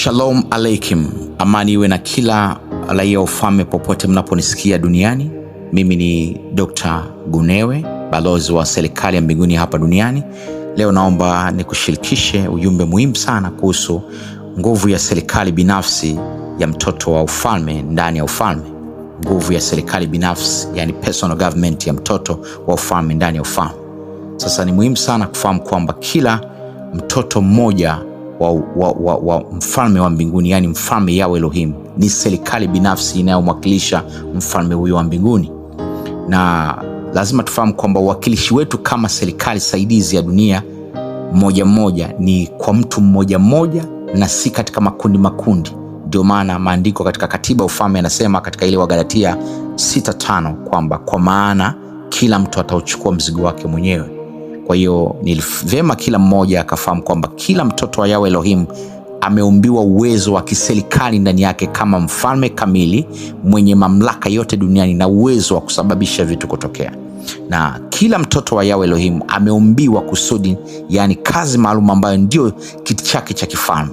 Shalom aleikum, amani iwe na kila raia wa ufalme popote mnaponisikia duniani. Mimi ni Dr. Gunewe, balozi wa serikali ya mbinguni hapa duniani. Leo naomba nikushirikishe ujumbe muhimu sana kuhusu nguvu ya serikali binafsi ya mtoto wa ufalme ndani ya ufalme, nguvu ya serikali binafsi, yani personal government ya mtoto wa ufalme ndani ya ufalme. Sasa ni muhimu sana kufahamu kwamba kila mtoto mmoja wa, wa, wa, wa mfalme wa mbinguni, yaani mfalme yao Elohim. Ni serikali binafsi inayomwakilisha mfalme huyo wa mbinguni, na lazima tufahamu kwamba uwakilishi wetu kama serikali saidizi ya dunia mmoja mmoja ni kwa mtu mmoja mmoja na si katika makundi makundi. Ndio maana maandiko katika katiba ufalme yanasema katika ile Wagalatia 6:5 kwamba kwa maana kila mtu atauchukua mzigo wake mwenyewe. Kwa hiyo ni vyema kila mmoja akafahamu kwamba kila mtoto wa Yawe Elohim ameumbiwa uwezo wa kiserikali ndani yake kama mfalme kamili mwenye mamlaka yote duniani na uwezo wa kusababisha vitu kutokea na kila mtoto wa Yawe Elohim ameumbiwa kusudi, yani kazi maalum ambayo ndio kiti chake cha kifalme,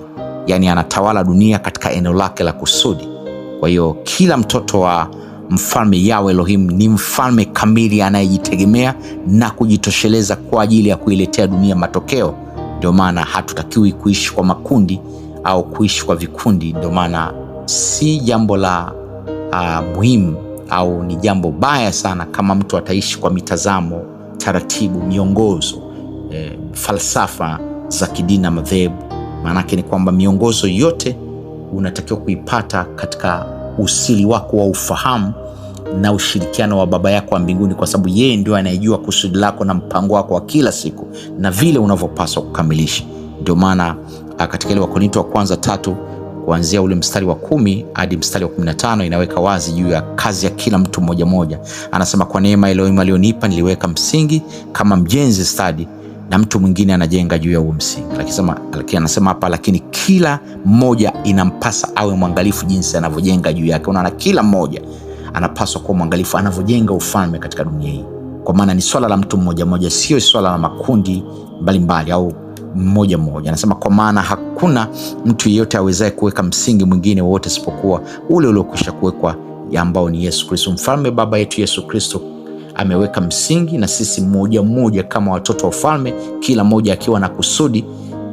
yani anatawala dunia katika eneo lake la kusudi. Kwa hiyo kila mtoto wa Mfalme Yawe Elohim ni mfalme kamili anayejitegemea na kujitosheleza kwa ajili ya kuiletea dunia matokeo. Ndio maana hatutakiwi kuishi kwa makundi au kuishi kwa vikundi. Ndio maana si jambo la uh, muhimu au ni jambo baya sana kama mtu ataishi kwa mitazamo, taratibu, miongozo, e, falsafa za kidini na madhehebu. Maanake ni kwamba miongozo yote unatakiwa kuipata katika usiri wako wa ufahamu na ushirikiano wa Baba yako wa mbinguni, kwa sababu yeye ndio anayejua kusudi lako na mpango wako wa kila siku na vile unavyopaswa kukamilisha. Ndio maana ah, katika ile Wakorinto wa kwanza tatu kuanzia ule mstari wa kumi hadi mstari wa kumi na tano inaweka wazi juu ya kazi ya kila mtu mmoja mmoja. Anasema, kwa neema Elohim aliyonipa niliweka msingi kama mjenzi stadi na mtu mwingine anajenga juu ya huo msingi. Lakini anasema hapa, lakini kila mmoja inampasa awe mwangalifu jinsi anavyojenga juu yake. Unaona, kila mmoja anapaswa kuwa mwangalifu anavyojenga ufalme katika dunia hii, kwa maana ni swala la mtu mmoja mmoja, sio swala la makundi mbalimbali mbali, au mmoja mmoja. Anasema kwa maana hakuna mtu yeyote awezaye kuweka msingi mwingine wowote isipokuwa ule uliokwisha kuwekwa ambao ni Yesu Kristo. Mfalme baba yetu Yesu Kristo ameweka msingi, na sisi mmoja mmoja kama watoto wa ufalme, kila mmoja akiwa na kusudi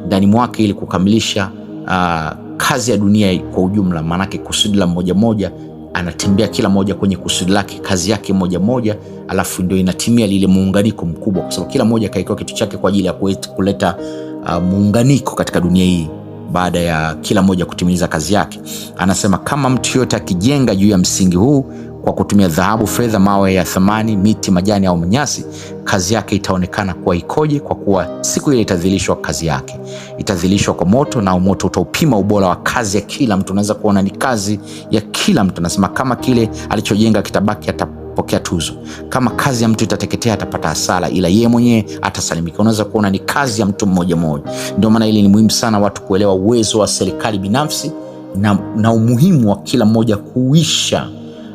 ndani mwake ili kukamilisha uh, kazi ya dunia kwa ujumla. Maanake kusudi la mmoja mmoja, anatembea kila moja kwenye kusudi lake, kazi yake moja moja, alafu ndio inatimia lile muunganiko mkubwa, kwa sababu kila moja kaekewa kitu chake kwa ajili ya kuleta uh, muunganiko katika dunia hii. Baada ya kila moja kutimiliza kazi yake, anasema kama mtu yoyote akijenga juu ya msingi huu kwa kutumia dhahabu, fedha, mawe ya thamani, miti, majani au mnyasi kazi yake itaonekana kuwa ikoje, kwa kuwa siku ile itadhilishwa kazi yake. Itadhilishwa kwa moto, na moto utaupima ubora wa kazi ya kila mtu. Unaweza kuona ni kazi ya kila mtu. Anasema kama kile alichojenga kitabaki, atapokea tuzo. Kama kazi ya mtu itateketea, atapata hasara, ila yeye mwenyewe atasalimika. Unaweza kuona ni kazi ya mtu mmoja mmoja. Ndio maana ili ni muhimu sana watu kuelewa uwezo wa serikali binafsi na, na umuhimu wa kila mmoja kuisha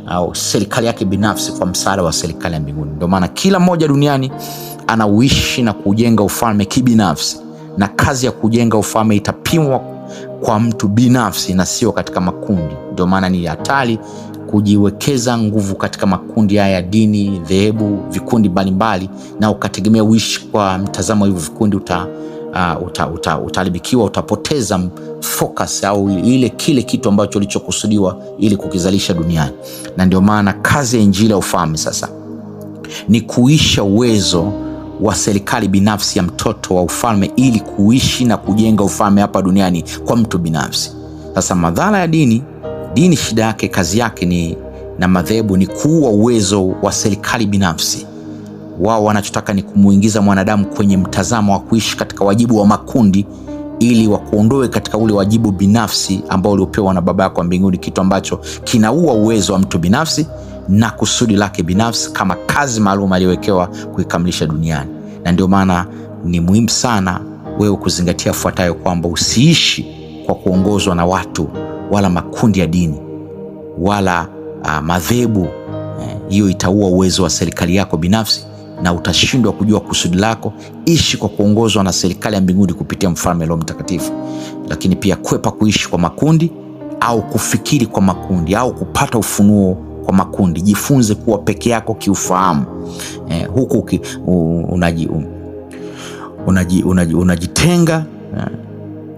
au serikali yake binafsi kwa msaada wa serikali ya mbinguni. Ndio maana kila mmoja duniani anauishi na kujenga ufalme kibinafsi, na kazi ya kujenga ufalme itapimwa kwa mtu binafsi na sio katika makundi. Ndio maana ni hatari kujiwekeza nguvu katika makundi haya ya dini, dhehebu, vikundi mbalimbali, na ukategemea uishi kwa mtazamo wa hivyo vikundi uta uh, uta, uta, utapoteza focus au ile kile kitu ambacho ulichokusudiwa ili kukizalisha duniani. Na ndio maana kazi ya injili ya ufalme sasa ni kuisha uwezo wa serikali binafsi ya mtoto wa ufalme ili kuishi na kujenga ufalme hapa duniani kwa mtu binafsi. Sasa madhara ya dini, dini shida yake, kazi yake ni na madhehebu ni kuua uwezo wa serikali binafsi wao wanachotaka ni kumuingiza mwanadamu kwenye mtazamo wa kuishi katika wajibu wa makundi ili wakuondoe katika ule wajibu binafsi ambao uliopewa na Baba yako mbinguni, kitu ambacho kinaua uwezo wa mtu binafsi na kusudi lake binafsi kama kazi maalum aliyowekewa kuikamilisha duniani. Na ndio maana ni muhimu sana wewe kuzingatia fuatayo kwamba usiishi kwa kuongozwa na watu wala makundi ya dini wala uh, madhehebu. Eh, hiyo eh, itaua uwezo wa serikali yako binafsi na utashindwa kujua kusudi lako. Ishi kwa kuongozwa na serikali ya mbinguni kupitia mfalme Roho Mtakatifu. Lakini pia kwepa kuishi kwa makundi au kufikiri kwa makundi au kupata ufunuo kwa makundi. Jifunze kuwa peke yako kiufahamu, eh, huku ki, unajitenga unaji, unaji, unaji eh,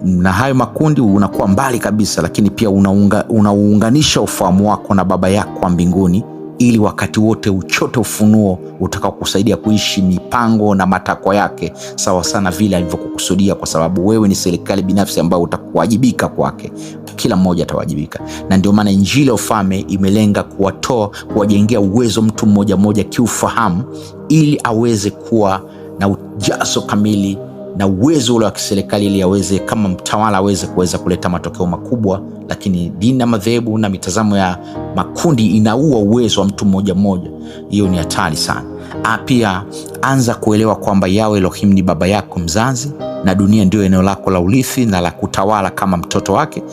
na hayo makundi unakuwa mbali kabisa, lakini pia unauunganisha ufahamu wako na Baba yako wa mbinguni ili wakati wote uchote ufunuo utakaokusaidia kuishi mipango na matakwa yake sawa sana vile alivyokukusudia, kwa sababu wewe ni serikali binafsi ambayo utakuwajibika kwake. Kila mmoja atawajibika, na ndio maana injili ya imelenga kuwatoa, kuwajengea uwezo mtu mmoja mmoja kiufahamu, ili aweze kuwa na ujazo kamili na uwezo ule wa kiserikali ili aweze kama mtawala aweze kuweza kuleta matokeo makubwa, lakini dini na madhehebu na mitazamo ya makundi inaua uwezo wa mtu mmoja mmoja. Hiyo ni hatari sana. Ah, pia anza kuelewa kwamba yawe Elohim ni baba yako mzazi na dunia ndio eneo lako la urithi na la kutawala kama mtoto wake,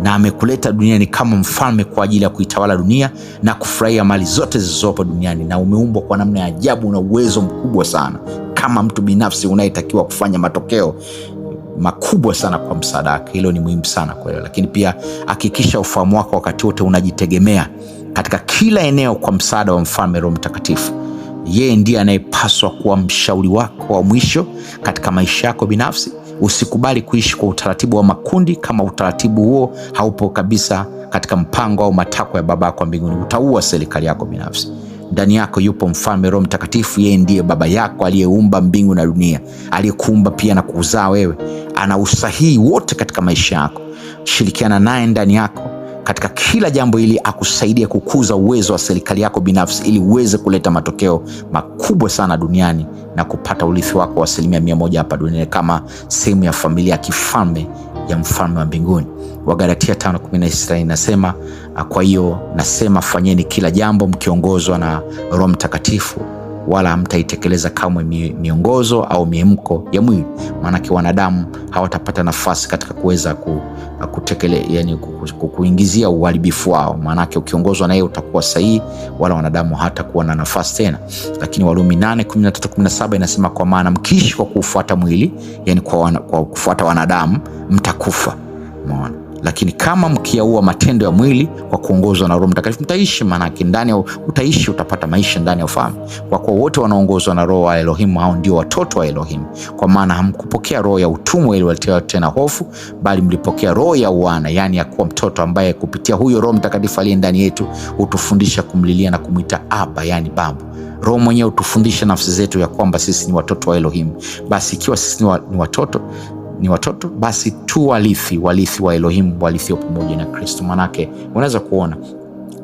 na amekuleta duniani kama mfalme kwa ajili ya kuitawala dunia na kufurahia mali zote zilizopo duniani, na umeumbwa kwa namna ya ajabu na uwezo mkubwa sana kama mtu binafsi unayetakiwa kufanya matokeo makubwa sana kwa msaada wake. Hilo ni muhimu sana kuelewa, lakini pia hakikisha ufahamu wako wakati wote unajitegemea katika kila eneo kwa msaada wa mfalme Roho Mtakatifu. Yeye ndiye anayepaswa kuwa mshauri wako wa mwisho katika maisha yako binafsi. Usikubali kuishi kwa utaratibu wa makundi, kama utaratibu huo haupo kabisa katika mpango au matakwa ya Baba yako mbinguni, utaua serikali yako binafsi ndani yako yupo mfalme Roho Mtakatifu. Yeye ndiye baba yako aliyeumba mbingu na dunia, aliyekuumba pia na kukuzaa wewe. Ana usahihi wote katika maisha yako. Shirikiana naye ndani yako katika kila jambo ili akusaidia kukuza uwezo wa serikali yako binafsi ili uweze kuleta matokeo makubwa sana duniani na kupata urithi wako wa asilimia mia moja hapa duniani kama sehemu ya familia ya kifalme ya mfalme wa mbinguni. Wagalatia 5:16 inasema, ah, kwa hiyo nasema fanyeni kila jambo mkiongozwa na Roho Mtakatifu, wala hamtaitekeleza kamwe miongozo au miemko ya mwili. Maanake wanadamu hawatapata nafasi katika kuweza ku, kutekele, yani kuingizia uharibifu wao. Maanake ukiongozwa na yeye utakuwa sahihi, wala wanadamu hatakuwa na nafasi tena. Lakini Warumi 8:13-17 inasema kwa maana mkiishi kwa kuufuata mwili, yani kwa, wana, kwa kufuata wanadamu mtakufa. Maana lakini kama mkiyaua matendo ya mwili kwa kuongozwa na Roho Mtakatifu mtaishi, maanake ndani utaishi, utapata maisha ndani ya ufahamu. Kwa kuwa wote wanaongozwa na roho wa Elohimu, hao ndio watoto wa Elohimu. Kwa maana hamkupokea roho ya utumwa iliwaletea tena hofu, bali mlipokea roho ya uwana, yaani ya kuwa mtoto, ambaye kupitia huyo Roho Mtakatifu aliye ndani yetu hutufundisha kumlilia na kumwita Aba, yaani babu Roho mwenyewe hutufundisha nafsi zetu ya kwamba sisi ni watoto wa Elohimu. Basi ikiwa sisi ni watoto ni watoto, basi tu warithi, warithi wa Elohimu, walithio pamoja na Kristo. Manake unaweza kuona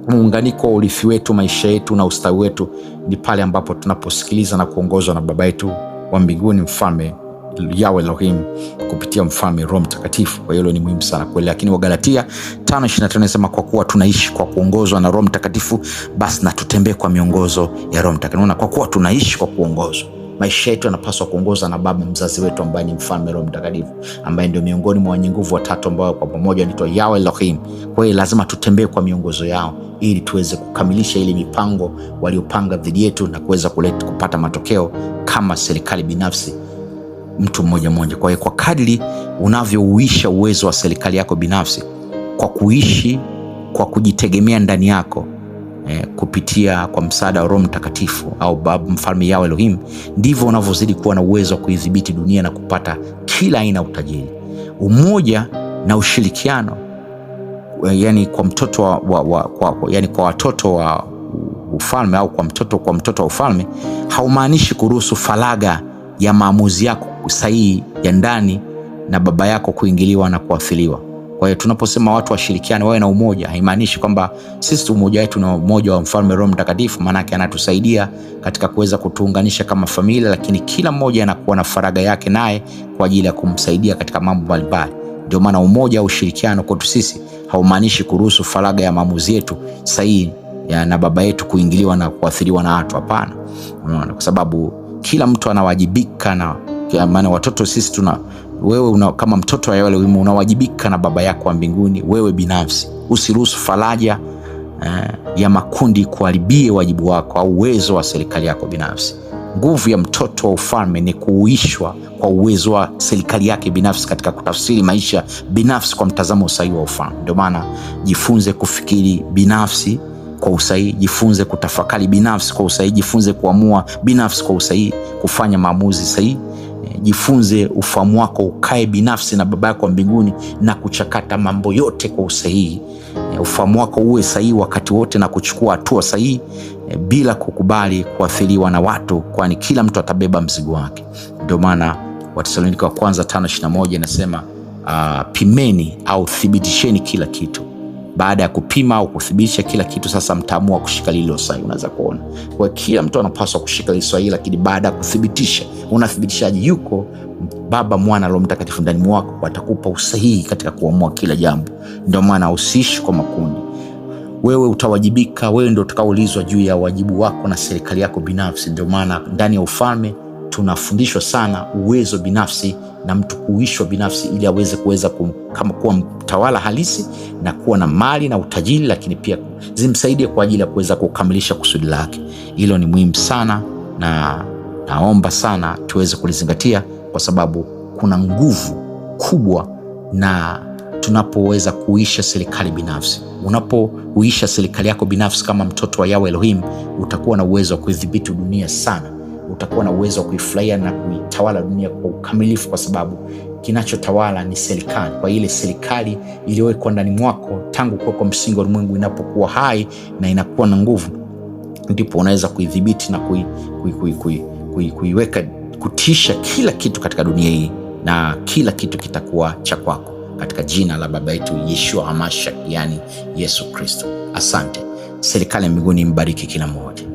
muunganiko wa urithi wetu, maisha yetu na ustawi wetu ni pale ambapo tunaposikiliza na kuongozwa na Baba yetu wa mbinguni, mfalme Yawe Elohim kupitia mfalme Roho Mtakatifu. Kwa hiyo ni muhimu sana kweli, lakini Wagalatia 5:25 inasema kwa kuwa tunaishi kwa kuongozwa na Roho Mtakatifu, basi na tutembee kwa miongozo ya Roho Mtakatifu. kwa kuwa tunaishi kwa kuongozwa Maisha yetu yanapaswa kuongoza na Baba mzazi wetu ambaye ni mfalme Roho Mtakatifu, ambaye ndio miongoni mwa wenye nguvu watatu ambao kwa pamoja wanaitwa yawe Elohim. Kwa hiyo lazima tutembee kwa miongozo yao ili tuweze kukamilisha ile mipango waliopanga dhidi yetu na kuweza kuleta kupata matokeo kama serikali binafsi mtu mmoja mmoja. Kwa hiyo kwa kadri unavyouisha uwezo wa serikali yako binafsi kwa kuishi kwa kujitegemea ndani yako eh, kupitia kwa msaada wa Roho Mtakatifu au babu Mfalme yao Elohim, ndivyo wanavyozidi kuwa na uwezo wa kuidhibiti dunia na kupata kila aina ya utajiri, umoja na ushirikiano. Eh, yani kwa mtoto wa, wa, wa, kwa, yani kwa watoto wa ufalme au kwa mtoto, kwa mtoto wa ufalme haumaanishi kuruhusu faraga ya maamuzi yako sahihi ya ndani na baba yako kuingiliwa na kuathiriwa. Kwa hiyo tunaposema watu washirikiane, wawe na umoja, haimaanishi kwamba sisi umoja wetu na umoja wa mfalme Roho Mtakatifu, maanake anatusaidia katika kuweza kutuunganisha kama familia, lakini kila mmoja anakuwa na faraga yake naye kwa ajili ya kumsaidia katika mambo mbalimbali. Ndio maana umoja au ushirikiano kwetu sisi haumaanishi kuruhusu faraga ya maamuzi yetu sahihi na baba yetu kuingiliwa na kuathiriwa na watu, hapana. Unaona, kwa sababu kila mtu anawajibika na maana watoto sisi tuna wewe una, kama mtoto wa yale wimu unawajibika na baba yako wa mbinguni. Wewe binafsi usiruhusu faraja eh, ya makundi kuharibie wajibu wako au uwezo wa serikali yako binafsi. Nguvu ya mtoto wa ufalme ni kuuishwa kwa uwezo wa serikali yake binafsi katika kutafsiri maisha binafsi kwa mtazamo usahii wa ufalme. Ndio maana jifunze kufikiri binafsi kwa usahii jifunze kutafakari binafsi kwa usahihi, jifunze kuamua binafsi kwa usahii kufanya maamuzi sahihi jifunze ufahamu wako ukae binafsi na Baba yako wa mbinguni na kuchakata mambo yote kwa usahihi. Eh, ufahamu wako uwe sahihi wakati wote na kuchukua hatua sahihi eh, bila kukubali kuathiriwa na watu, kwani kila mtu atabeba mzigo wake. Ndio maana Watesalonika wa kwanza 5:21 inasema uh, pimeni au thibitisheni kila kitu. Baada ya kupima au kuthibitisha kila kitu, sasa mtaamua kushika lililo sahihi. Unaweza kuona kwa kila mtu anapaswa kushika lililo lakini baada ya kuthibitisha unathibitishaji yuko Baba, Mwana, Roho Mtakatifu ndani mwako, watakupa usahihi katika kuamua kila jambo. Ndio maana ahusishi kwa makundi. Wewe utawajibika, wewe ndio utakaoulizwa juu ya wajibu wako na serikali yako binafsi. Ndio maana ndani ya ufalme tunafundishwa sana uwezo binafsi na mtu kuishwa binafsi, ili aweze kuweza kama kuwa mtawala halisi na kuwa na mali na utajiri, lakini pia zimsaidie kwa ajili ya kuweza kukamilisha kusudi lake. Hilo ni muhimu sana na naomba sana tuweze kulizingatia, kwa sababu kuna nguvu kubwa na tunapoweza kuisha serikali binafsi. unapouisha serikali yako binafsi kama mtoto wa Yahweh Elohim, utakuwa na uwezo wa kuidhibiti dunia sana, utakuwa na uwezo wa kuifurahia na kuitawala dunia kwa ukamilifu, kwa sababu kinachotawala ni serikali. Kwa ile serikali iliyowekwa ndani mwako tangu kuwekwa msingi wa ulimwengu, inapokuwa hai na inakuwa na nguvu, ndipo unaweza kuidhibiti na kui, kui, kui, kui kuiweka kutisha kila kitu katika dunia hii, na kila kitu kitakuwa cha kwako katika jina la Baba yetu Yeshua Hamashia, yani Yesu Kristo. Asante. Serikali ya mbinguni imbariki kila mmoja.